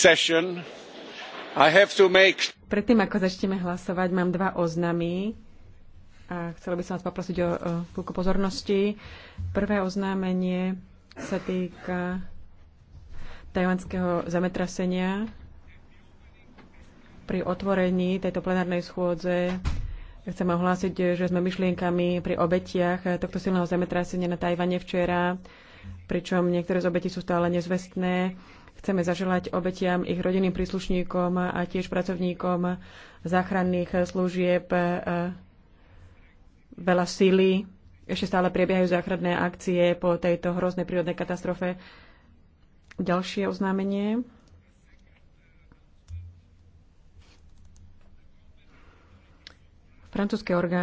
session, I have to make... Predtým, ako začneme hlasovať, mám dva oznamy. A chcela by som vás poprosiť o, chvíľku pozornosti. Prvé oznámenie sa týka tajvanského zametrasenia. Pri otvorení tejto plenárnej schôdze chcem ohlásiť, že sme myšlienkami pri obetiach tohto silného zametrasenia na Tajvane včera, pričom niektoré z obetí sú stále nezvestné. Chceme zaželať obetiam, ich rodinným príslušníkom a tiež pracovníkom záchranných služieb e, veľa síly. Ešte stále prebiehajú záchranné akcie po tejto hroznej prírodnej katastrofe. Ďalšie oznámenie. Francúzske orgány